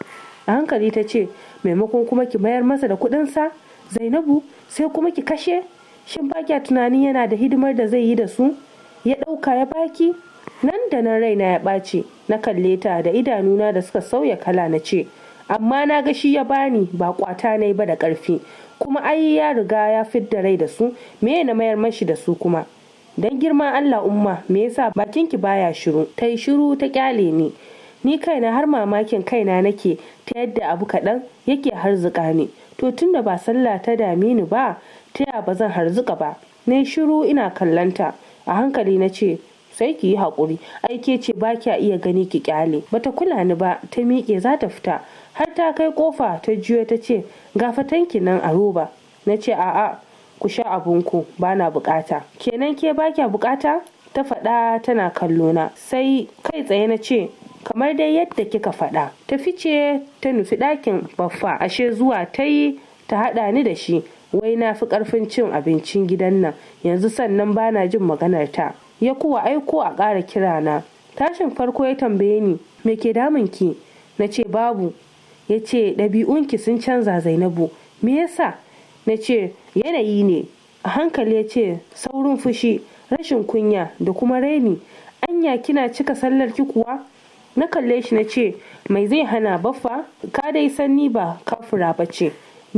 a hankali ta ce maimakon kuma ki mayar masa da sa zainabu sai kuma ki kashe shin baki a tunanin yana da hidimar da zai yi da su ya dauka ya baki nan da nan raina ya bace na kalle ta da idanuna da suka sauya kala na ce amma na ga shi ya bani ba kwata na ba da karfi kuma ai ya riga ya fidda rai da su me na mayar mashi da su kuma dan girman Allah umma me yasa bakinki baya shiru ta yi shiru ta kyale ni ni kaina har mamakin kaina nake ta yadda abu kaɗan yake harzuka ni to tun da ba sallah ta dame ni ba ta ya ba zan harzuka ba na shiru ina kallanta a hankali na ce sai ki yi haƙuri aike ce ba kya iya gani ki kyale bata kula ni ba ta miƙe za ta fita har ta kai ƙofa ta juyo ta ce ga nan a roba na ce a'a ku sha abunku ba na bukata kenan ke ba kya bukata ta faɗa tana kallona sai kai tsaye na ce kamar dai yadda kika faɗa ta fice ta nufi ɗakin baffa ashe zuwa ta yi ta haɗa ni da shi wai na fi ƙarfin cin abincin gidan nan yanzu sannan bana jin maganar ta ya kuwa aiko a ƙara na tashin farko ya tambaye ni me ke damun ki na ce babu ya ce ɗabi'unki sun canza zainabu me yasa na ce yanayi ne a hankali ya ce saurin fushi rashin kunya da kuma raini anya kina cika sallar ki kuwa na kalle shi na ce mai zai hana baffa ka dai san ba kafura ba ce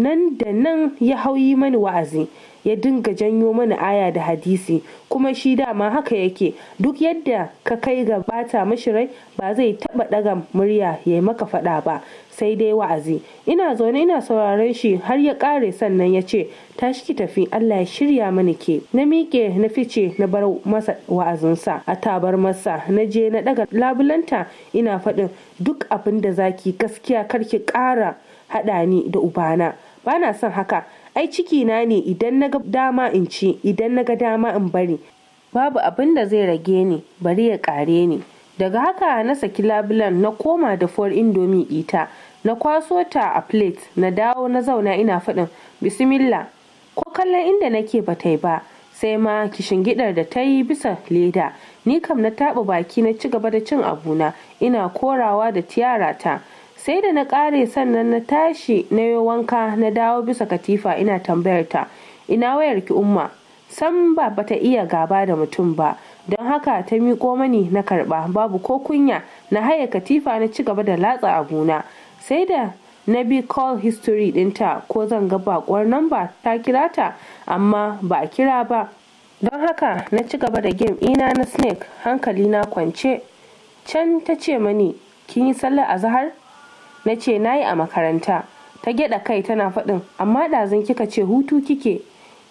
nan da nan ya hauyi mani wa'azi ya dinga janyo mana aya da hadisi kuma shi dama haka yake duk yadda ka kai ga bata mashi rai ba zai taba daga murya ya maka fada ba sai dai wa'azi ina zaune ina sauraron shi har ya kare sannan ya ce tashi ki tafi Allah ya shirya mani ke na miƙe na fice na bar masa wa'azinsa a tabar masa na je na daga labulanta ina faɗin duk abin da zaki gaskiya karki ƙara haɗa ni da ubana bana son haka ai ciki na ne idan na ga dama in ci idan na ga dama in bari babu abin da zai rage ni bari ya kare ni daga haka na saki labulan na koma da for indomie ita na kwaso ta a plate na dawo na zauna ina faɗin bismillah ko kallon inda nake ba ta ba sai ma kishin kishingidar da ta yi bisa leda ni kam na taɓa baki na ci gaba da cin abuna ina korawa da tiyarata sai da na ƙare sannan na tashi na yi wanka na dawo bisa katifa ina tambayar ta ina wayar ki umma san ba bata iya gaba da mutum ba don haka ta miƙo mani na karɓa babu ko kunya na haye katifa na ci gaba da latsa abuna sai da na bi call history dinta ko zan ga bakuwar namba ta kira ta amma ba a kira ba don haka na ci gaba da game ina na snake hankali na kwance can ta ce mani kin yi a zahar na ce na yi a makaranta ta gyada kai tana faɗin amma ɗazun kika ce hutu kike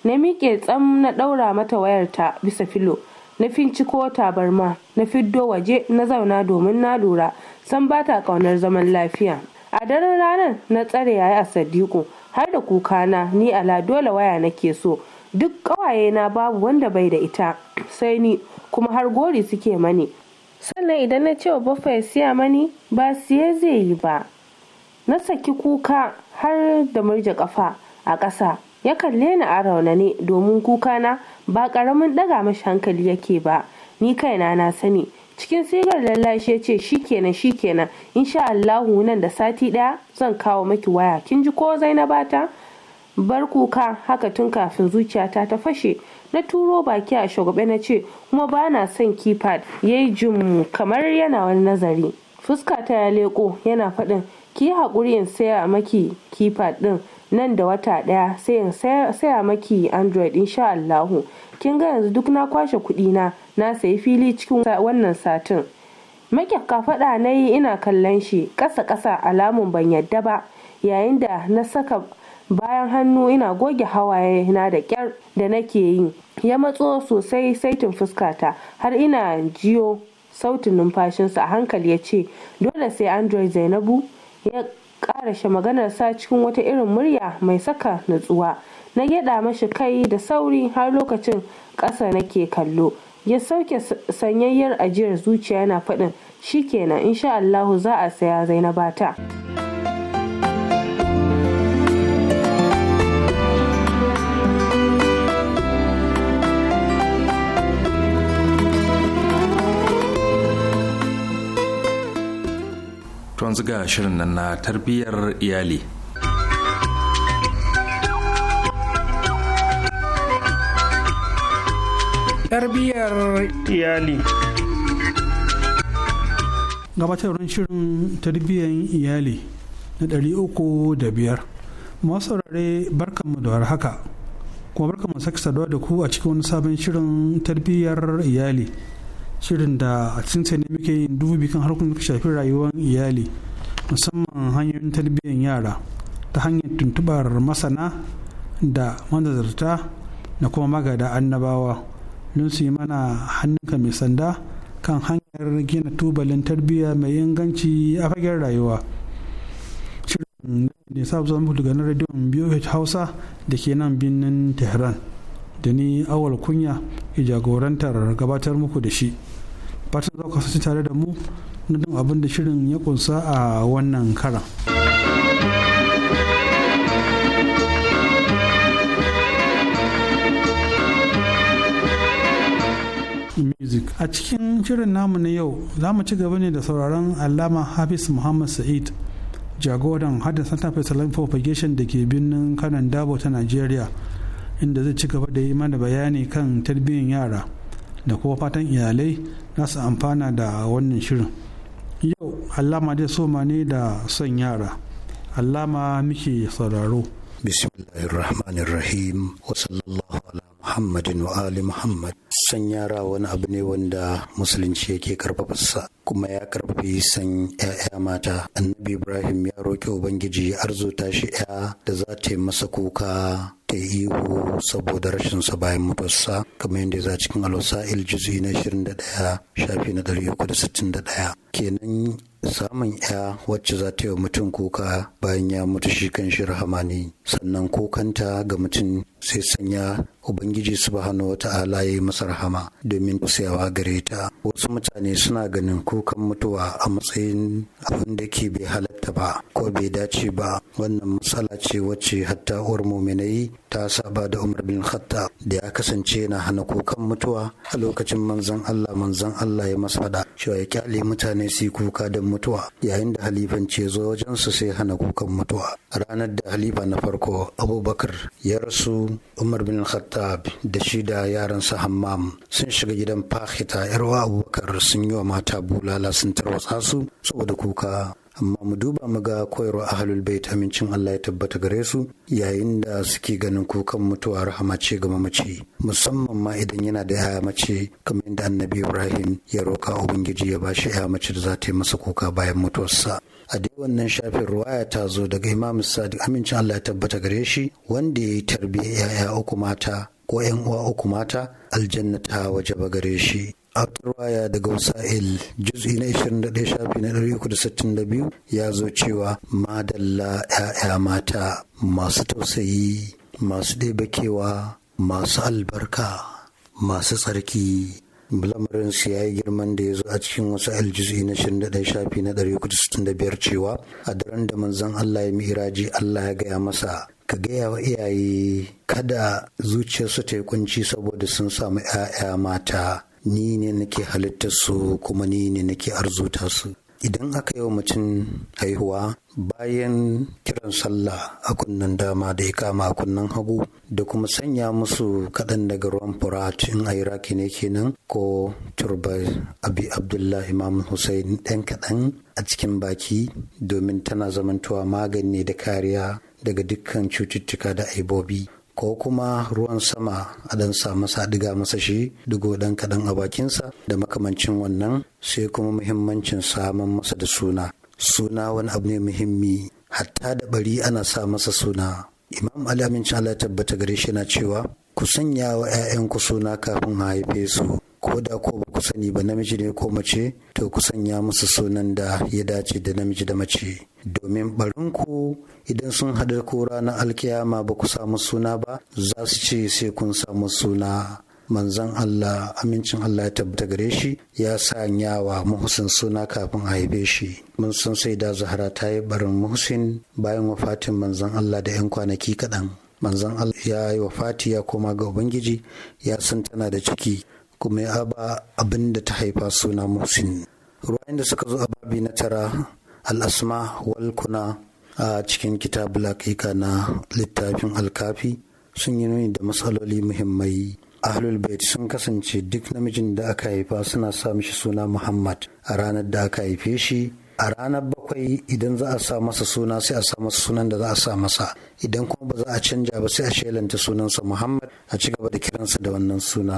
na miƙe tsam na ɗaura mata wayarta bisa filo na finciko tabarma na fiddo waje na zauna domin na lura san ba ta ƙaunar zaman lafiya a daren ranar na tsare yayi a sadiku har da kukana ni ala dole waya nake so duk ƙawaye na babu wanda bai da ita sai ni kuma har gori suke mani sannan idan na ce wa ya siya mani ba siye zai yi ba na saki kuka har da murje kafa a ƙasa ya kalle ni a ne, domin kuka na ba ƙaramin ɗaga mashi hankali yake ba ni kaina na sani cikin sigar lallashi ya ce shikenan shikenan insha Allahu nan da sati ɗaya zan kawo maki waya kin ji ko Zainabata bar kuka haka tun kafin zuciyata ta fashe na turo baki a shugabe na ce kuma ba na son keypad ya yi jim kamar yana wani nazari fuska ta ya leko yana faɗin ki haƙuri in saya maki kifa ɗin nan da wata ɗaya sai in saya maki android insha allahu kin ga yanzu duk na kwashe kuɗi na na sayi fili cikin wannan satin makyakka faɗa na yi ina kallon shi ƙasa ƙasa alamun ban yadda ba yayin da na saka bayan hannu ina goge hawaye na da kyar da nake yi ya matso sosai saitin fuskata har ina jiyo sautin numfashinsa a hankali ya ce dole sai android zainabu ya karashe maganarsa cikin wata irin murya mai saka natsuwa na gyada mashi kai da sauri har lokacin ƙasa nake kallo ya sauke sanyayyar ajiyar zuciya yana faɗin shikenan insha Allahu za a saya zainabata. to yanzu shirin nan na tarbiyyar iyali tarbiyyar iyali gabatarwar shirin tarbiyyar iyali na ɗari uku da biyar masu saurare barkanmu da haka kuma barkanmu sake saduwa da ku a cikin wani sabon shirin tarbiyyar iyali shirin da a cikin ne muke yin dubi kan harkokin da shafi rayuwar iyali musamman hanyoyin tarbiyyar yara ta hanyar tuntubar masana da manazarta da kuma magada annabawa don su yi mana hannunka mai sanda kan hanyar gina tubalin tarbiyya mai inganci a fagen rayuwa shirin ne sabu zama daga na rediyon biyu hausa da ke nan birnin tehran da ni awal kunya ya jagorantar gabatar muku da shi fatan za ku kasance tare da mu na don abin da shirin ya kunsa a wannan karan. music a cikin shirin namu na yau za mu ci gaba ne da sauraron alama hafiz muhammad sa'id jagoran hadin santa fe salon propagation da ke birnin kanan dabo ta nigeria inda zai ci gaba da yi mana bayani kan tarbiyyar yara da kuma fatan iyalai za su amfana da wannan shirin yau allama dai soma ne da son yara alama muke sauraro bismillahirrahmanirrahim wa sallallahu muhammadin wa ali muhammad san yara wani abu ne wanda musulunci yake karfafarsa kuma ya karfafi san 'ya'ya mata annabi ibrahim ya roƙi ubangiji arzuta shi 'ya da za ta yi masa kuka ta yi ihu saboda rashinsa bayan mutuwarsa kamar yadda za cikin alwasa il juzi na 21 shafi na 361 kenan samun ya wacce za ta yi wa mutum kuka bayan ya mutu shi kan shi rahama ne sannan kukanta ga mutum sai sanya ubangiji subhanahu wata'ala ya yi masa rahama domin kusayawa gare ta wasu mutane suna ganin kukan mutuwa a matsayin abin da ke bai halatta ba ko bai dace ba wannan matsala ce wacce hatta uwar muminai ta saba da umar bin khatta da ya kasance na hana kukan mutuwa a lokacin manzon allah manzon allah ya masa da cewa ya kyale mutane su kuka da mutuwa yayin da halifanci ce zo su sai hana kukan mutuwa ranar da halifa na farko abubakar ya rasu umar bin khatta khattab da shi da yaransa hammam sun shiga gidan fahita yarwa abubakar sun yi wa mata bulala sun tarwatsa su saboda kuka amma mu duba mu ga koyarwa ahlul bait amincin Allah ya tabbata gare su yayin da suke ganin kukan mutuwa rahama ce ga mamaci musamman ma idan yana da 'ya'ya mace kamar yadda annabi Ibrahim ya roka ubangiji ya bashi 'ya'ya mace da za ta yi masa kuka bayan mutuwarsa a dai wannan shafin ruwaya ta zo daga Imam Sadiq amincin Allah ya tabbata gare shi wanda ya yi tarbiyyar 'ya'ya uku mata ko 'yan uwa uku mata aljanna ta waje gare shi a turwaya daga wasa'il juz'i na 21 shafi na 362 ya zo cewa madalla 'ya'ya mata masu tausayi masu ɗebakewa masu albarka masu tsarki lamarin su ya yi girman da ya zo a cikin wasu aljizi na 21 shafi na 365 cewa a daren da manzan Allah ya mihiraji Allah ya gaya masa ka gaya wa iyaye kada zuciyarsu ta yi kunci saboda sun samu 'ya'ya mata ni ne nake halittar su kuma ni ne nake arzuta su idan aka yi wa mutum haihuwa bayan kiran sallah a kunnen dama da ya kama a kunnen hagu da kuma sanya musu kaɗan daga ruwan fura in a iraki ne kenan ko turba abi abdullahi imam hussein ɗan kaɗan a cikin baki domin tana zamantowa magani da kariya daga dukkan cututtuka da aibobi ko kuma ruwan sama a dan sa masa diga masa shi digo dan kadan a bakinsa da makamancin wannan sai kuma muhimmancin samun masa da suna suna wani abu ne muhimmi hatta da bari ana sa masa suna imam ali amincin allah tabbata gare shi na cewa ku sanya wa 'ya'yanku suna kafin haife su ko da ko ba ku sani ba namiji ne ko mace to ku sanya musu sunan da ya dace da namiji da mace domin barin ku idan sun haɗa ko ranar alkiyama ba ku samu suna ba za su ce sai kun samu suna manzon Allah amincin Allah ya tabbata gare shi ya sanya wa Muhsin suna kafin a haife shi. Mun san sai da Zahra ta yi barin Muhsin bayan wafatin manzan Allah da 'yan kwanaki kaɗan. manzan Allah ya yi wafati ya koma ga Ubangiji ya san tana da ciki. kuma ya ba abin da ta haifa suna musin ruwayin da suka zo a babi na tara al'asma walkuna a cikin kitabul hakika na littafin alkafi sun yi nuni da matsaloli muhimmai ahlul bait sun kasance duk namijin da aka haifa suna sa mishi suna muhammad a ranar da aka haife shi a ranar bakwai idan za a sa masa suna sai a sa masa sunan da za a sa masa idan kuma ba za a canja ba sai a shelanta sunansa muhammad a ci gaba da kiransa da wannan suna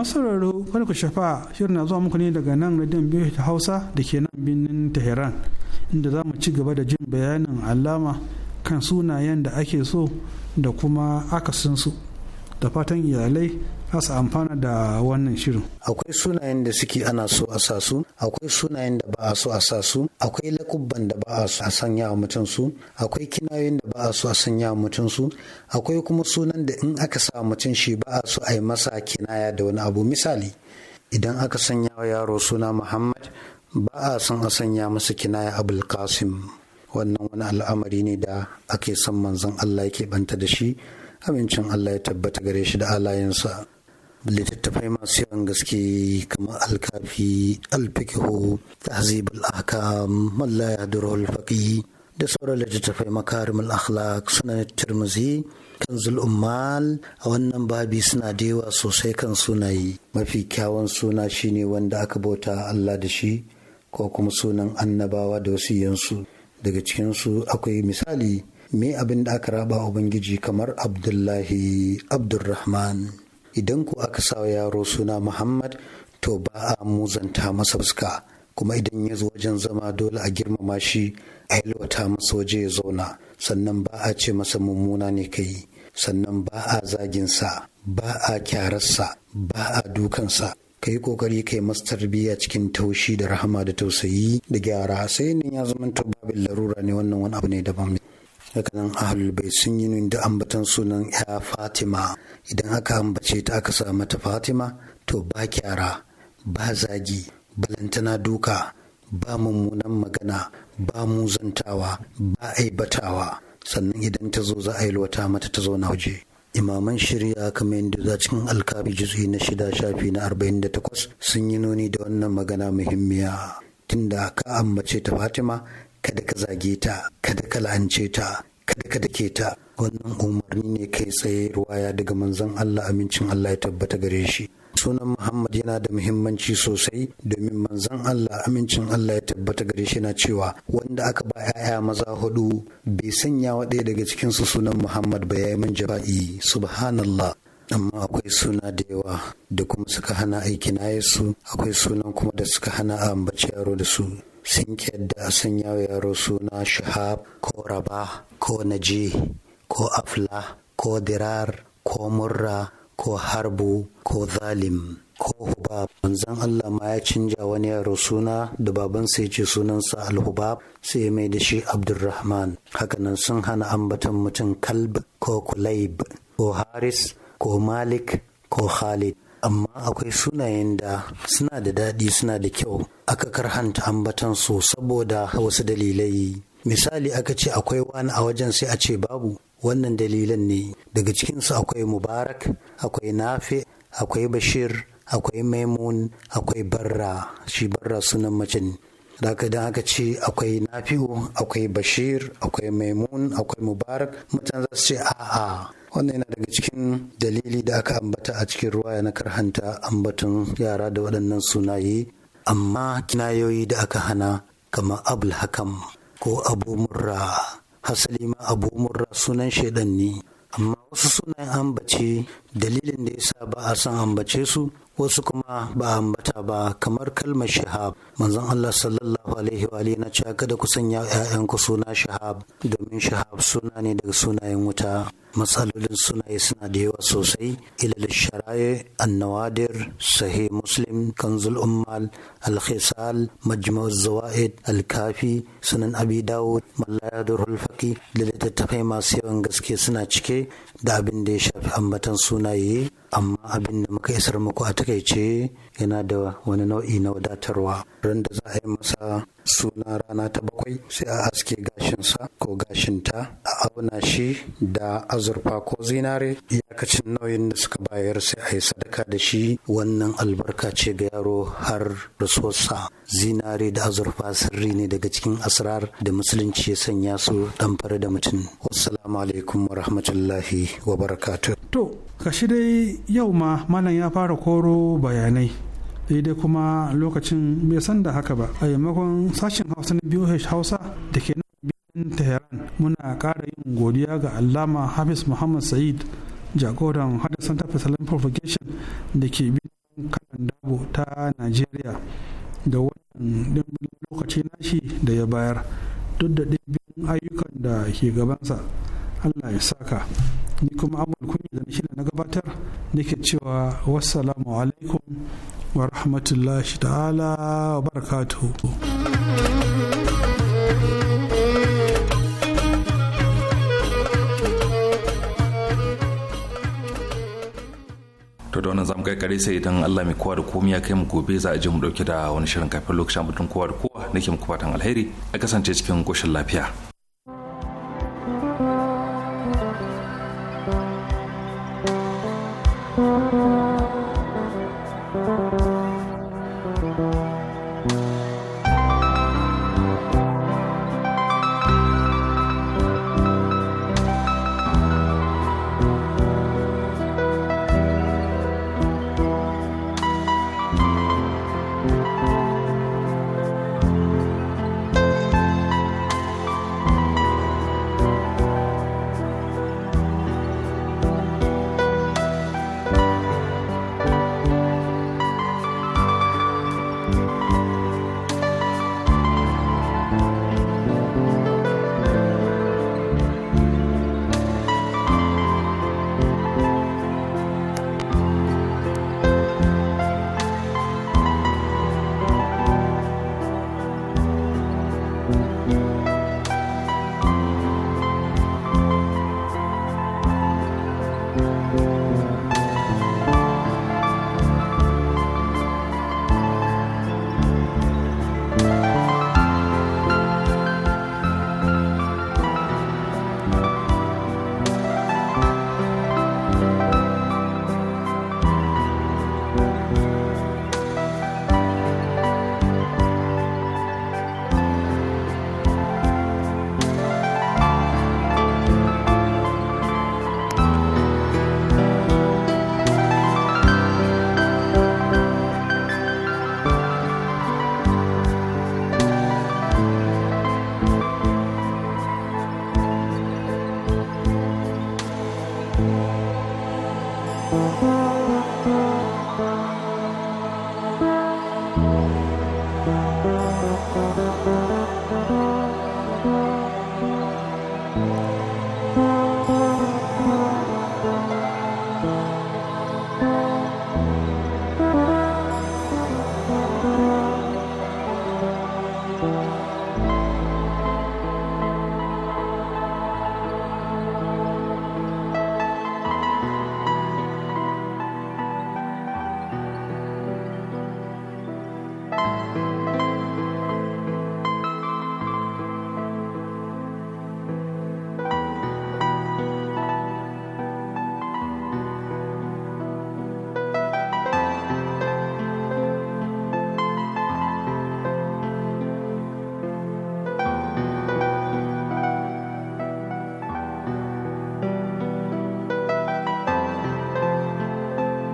masauraro kada ku shafa shirin na zuwa muku ne daga nan radiyon biyu ta hausa da ke nan birnin tehran inda za mu ci gaba da jin bayanin alama kan sunayen da ake so da kuma akasinsu da fatan iyalai su amfana da wannan shirin. Akwai sunayen da suke ana so a sa su, akwai sunayen da ba a so a sa su, akwai lakubban da ba a so a sanya wa mutum su, akwai kinayoyin da ba a so a sanya wa mutum su, akwai kuma sunan da in aka sa mutum shi ba a so a yi masa kinaya da wani abu. Misali, idan aka sanya wa yaro suna Muhammad ba a son a sanya masa kinaya Abul Qasim. Wannan wani al'amari ne da ake son manzon Allah yake banta da shi, amincin Allah ya tabbata gare shi da alayensa. littattafai masu yawan gaske kamar alkafi alfikihu tahzibul ahkam mallaya durul faqih da sauran littattafai makarimul akhlaq sunan tirmizi kan ummal a wannan babi suna da yawa sosai kan sunayi mafi kyawun suna shine wanda aka bauta Allah da shi ko kuma sunan annabawa da wasiyansu daga cikinsu akwai misali me abin da aka raba ubangiji kamar abdullahi abdurrahman idan ku aka sa yaro suna muhammad to ba a muzanta masa fuska kuma idan ya zo wajen zama dole a girmama shi a yalwata masa waje ya zauna sannan ba a ce masa mummuna ne ka yi sannan ba a zaginsa ba a kyararsa ba a dukansa ka yi kokari ka yi masa tarbiyya cikin taushi da rahama da tausayi da gyara sai nan ya zama to babin larura ne wannan wani abu ne daban hakanan ahal bai sun yi da ambatan sunan ya fatima idan aka ambace ta aka sa mata fatima to ba kyara ba zagi balantana duka ba mummunan magana ba muzantawa ba aibatawa sannan idan ta zo za a yi lota mata ta zo na waje imaman shirya kamar yadda za cikin alkabi juzi na shida shafi na arba'in da takwas sun yi nuni da wannan magana muhimmiya tunda ka ambace ta fatima kada ka zage ta kada ka la'ance ta kada ka dake ta wannan umarni ne kai tsaye ruwaya daga manzon Allah amincin Allah ya tabbata gare shi sunan Muhammad yana da muhimmanci sosai domin manzon Allah amincin Allah ya tabbata gare shi na cewa wanda aka ba 'ya'ya maza hudu bai sanya wa ɗaya daga cikin su sunan Muhammad ba yayi min jaba'i subhanallah amma akwai suna da yawa da kuma suka hana aiki na su. akwai sunan kuma da suka hana ambaci yaro da su sun yadda sun yawo yaro suna shahab ko raba ko naji ko afla ko dirar ko murra ko harbu ko zalim ko hubab manzon Allah ma ya canja wani yaro suna da baban sai ce sunansa alhubab sai mai da shi abdurrahman hakanan sun hana ambaton mutum kalb ko kulaib ko haris ko malik ko khalid amma akwai sunayen da suna da daɗi suna da kyau aka karhanta ambatan su saboda wasu dalilai misali aka ce akwai wani a wajen sai a ce babu wannan dalilan ne daga cikinsu akwai mubarak akwai nafe akwai bashir akwai maimun akwai barra shi barra sunan mace ne haka don haka ce akwai nafi'u akwai bashir akwai maimun akwai mubarak mutan za su ce a'a wannan yana daga cikin dalili da aka ambata a cikin ruwa ya na karhanta ambaton yara da waɗannan sunaye amma kinayoyi da aka hana kama abul hakam ko abu murra hasali ma abu murra sunan shaidan ne amma wasu sunayen ambace dalilin da ya sa ba a san ambace su wasu kuma ba ambata ba kamar kalmar shahab manzon Allah sallallahu alaihi wa alihi na cewa kada ku sanya ku suna shahab domin shahab suna ne daga sunayen wuta matsalolin sunaye suna da yawa sosai ilal sharaye annawadir sahih muslim kanzul ummal alkhisal majmu' zawaid alkafi sunan abi daud mallayadur hulfaki da littattafai masu yawan gaske suna cike da abin da ya shafi ambatan sunaye amma abin da muka isar muku a takaice yana da wani nau'i na wadatarwa ran da za a yi masa suna rana ta bakwai sai a haske gashinsa ko gashinta a auna shi da azurfa ko zinare iyakacin nauyin da suka bayar sai a yi sadaka da shi wannan albarka ce ga yaro har rasuwarsa zinare da azurfa sirri ne daga cikin asrar da musulunci ya sanya su fara da mutum wassalamu alaikum wa rahmatullahi wa barakatuh to kashi dai yau ma malam ya fara koro bayanai dai kuma lokacin bai san da haka ba a yammakon sashen hausa na biyu hausa da ke nan tehran muna ƙara yin godiya ga allama hafiz muhammad sa'id jagoran hada santa fasalin propagation da ke biyan kanan dabo ta nigeria da wannan dimbin lokaci nashi da ya bayar duk da dimbin ayyukan da ke gabansa allah ya saka ni kuma abul kunya da nake na gabatar nake cewa wassalamu alaikum wa rahmatullahi ta'ala wa barakatuhu to da wannan zamu kai kare sai idan Allah mai kowa da komai ya kai mu gobe za a je mu dauke da wani shirin kafin lokacin mutum kowa da kowa nake muku fatan alheri a kasance cikin koshin lafiya